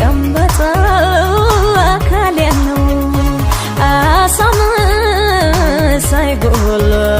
የተቀመጠው አካል ያለው አሳም ሳይጎለው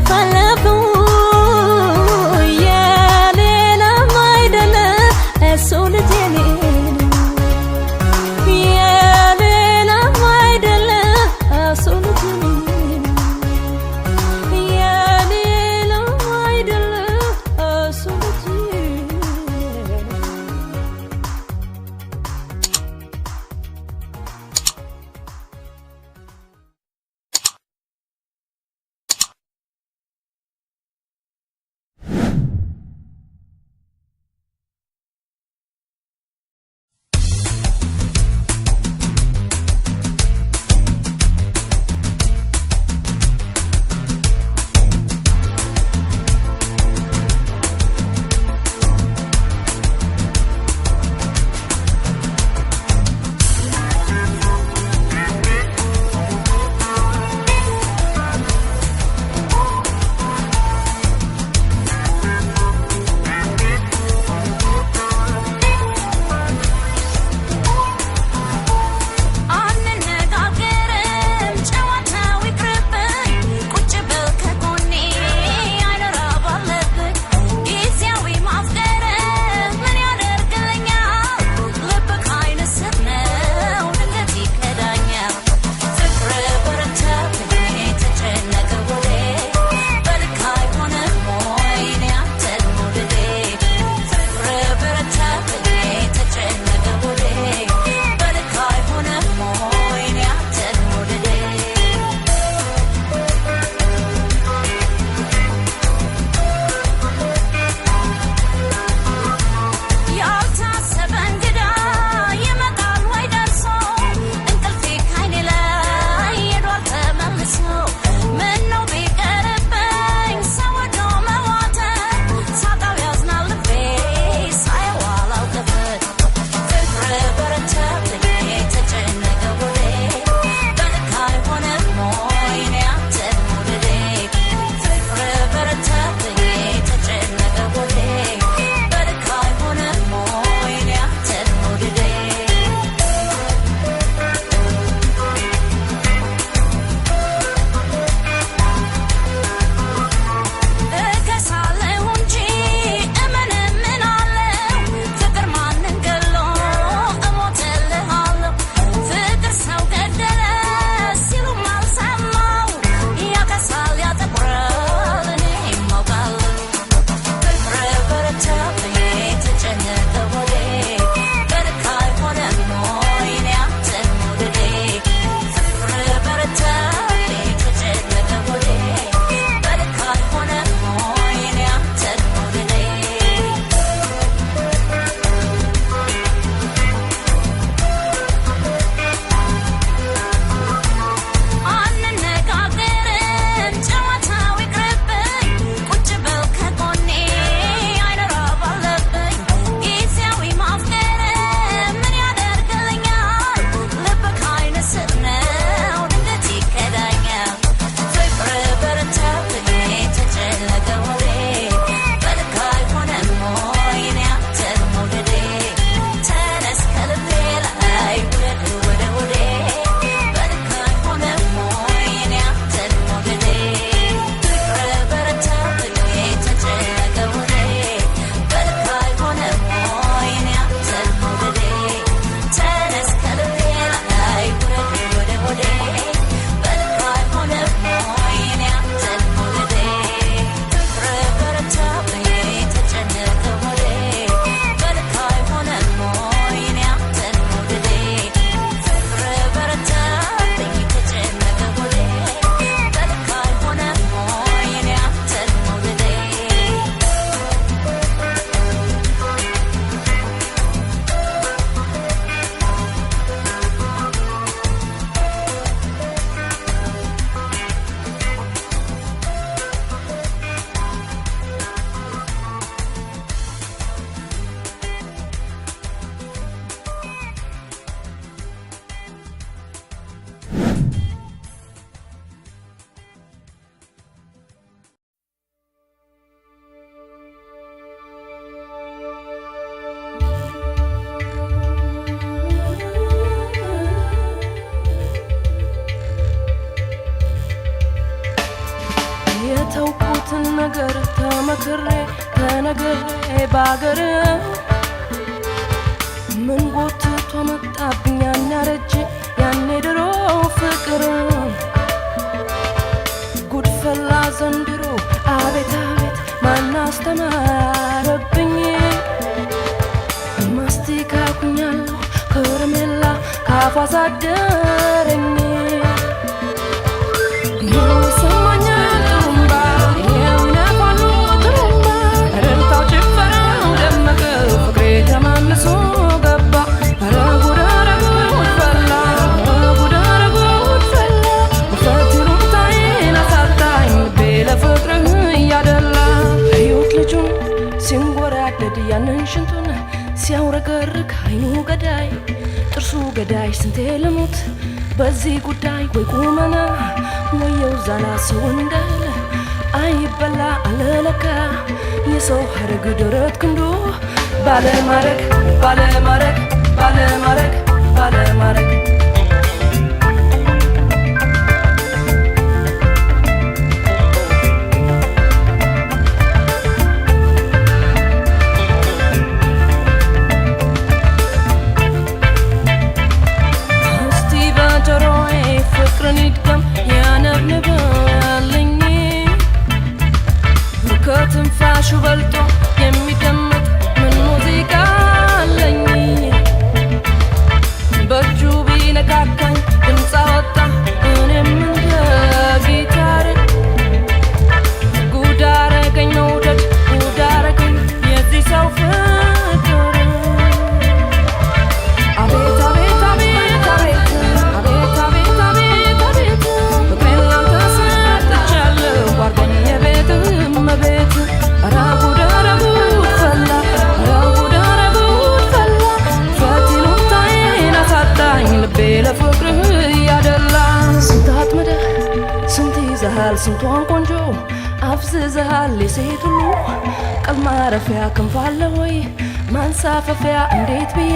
life I love you. ተነግሬ ተነግሬ ባገር ምን ጎትቶ መጣብኝ ያናረጅ ያኔ ድሮ ፍቅር ጉድፈላ ዘንድሮ አቤት አቤት ማን አስተማረብኝ ማስቲካ ኩኛለሁ ከረሜላ ካፏ ሳደረኝ እጁን ሲንጎራደድ ያንን ሽንቱን ሲያውረገርግ አይኑ ገዳይ ጥርሱ ገዳይ ስንቴ ልሙት በዚህ ጉዳይ ወይ ቁመና ወየው ዛላ ሰው እንዳለ አይበላ አለለካ የሰው ሀረግ ደረት ክንዱ ባለማረግ ባለማረግ ባለማረግ ባለማረግ ሆነሃል ስንቷን ቆንጆ አፍዝዝሃል የሴት ሁሉ ቀል ማረፊያ ክንፋለ ወይ ማንሳፈፊያ እንዴት ብዬ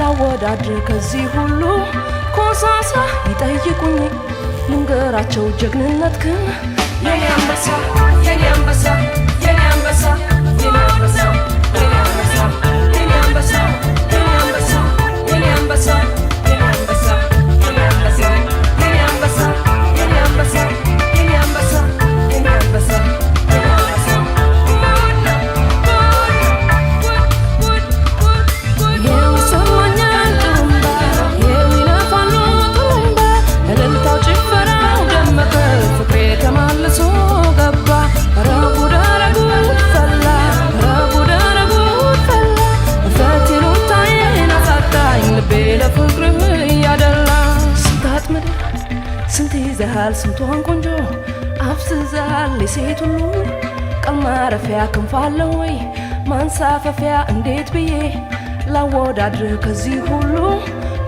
ላወዳድር ከዚህ ሁሉ ኮሳሳ ይጠይቁኝ ልንገራቸው ጀግንነት ግን የኔ አንበሳ የኔ አንበሳ ያምራል ስንትሆን ቆንጆ አፍዝዛል የሴት ሁሉ ቀን ማረፊያ ክንፋለሁ ወይ ማንሳፈፊያ እንዴት ብዬ ላወዳድር ከዚህ ሁሉ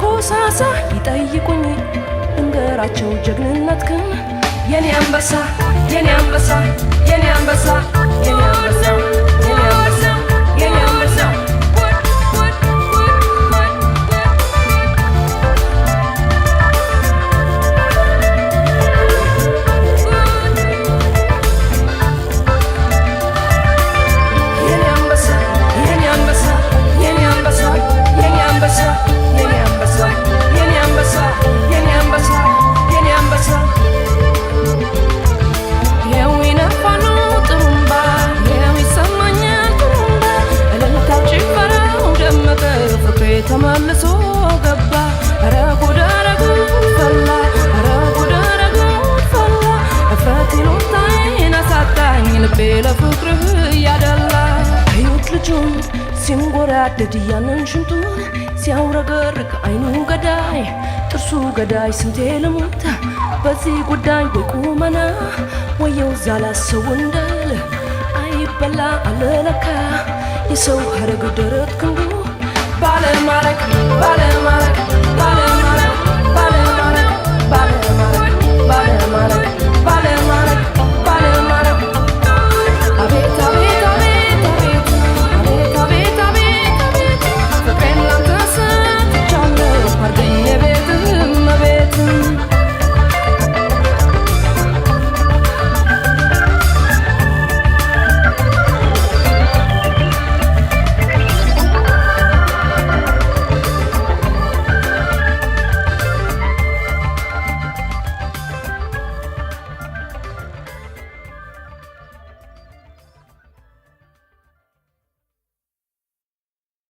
ኮሳሳ ይጠይቁኝ እንገራቸው ጀግንነት ክን የኔ አንበሳ የኔ አንበሳ ለድያንን ሽንጡን ሲያውረገርግ አይኑ ገዳይ ጥርሱ ገዳይ ስንቴ ልሙት በዚህ ጉዳይ ወይ ቁመና ወየው ዛላሰው ሰው እንደል አይበላ አለለካ የሰው ሀረግ ደረት ክንዱ ባለማረግ ባለማረግ ባለማረግ ባለማረግ ባለማረግ ባለማረግ ባለማረግ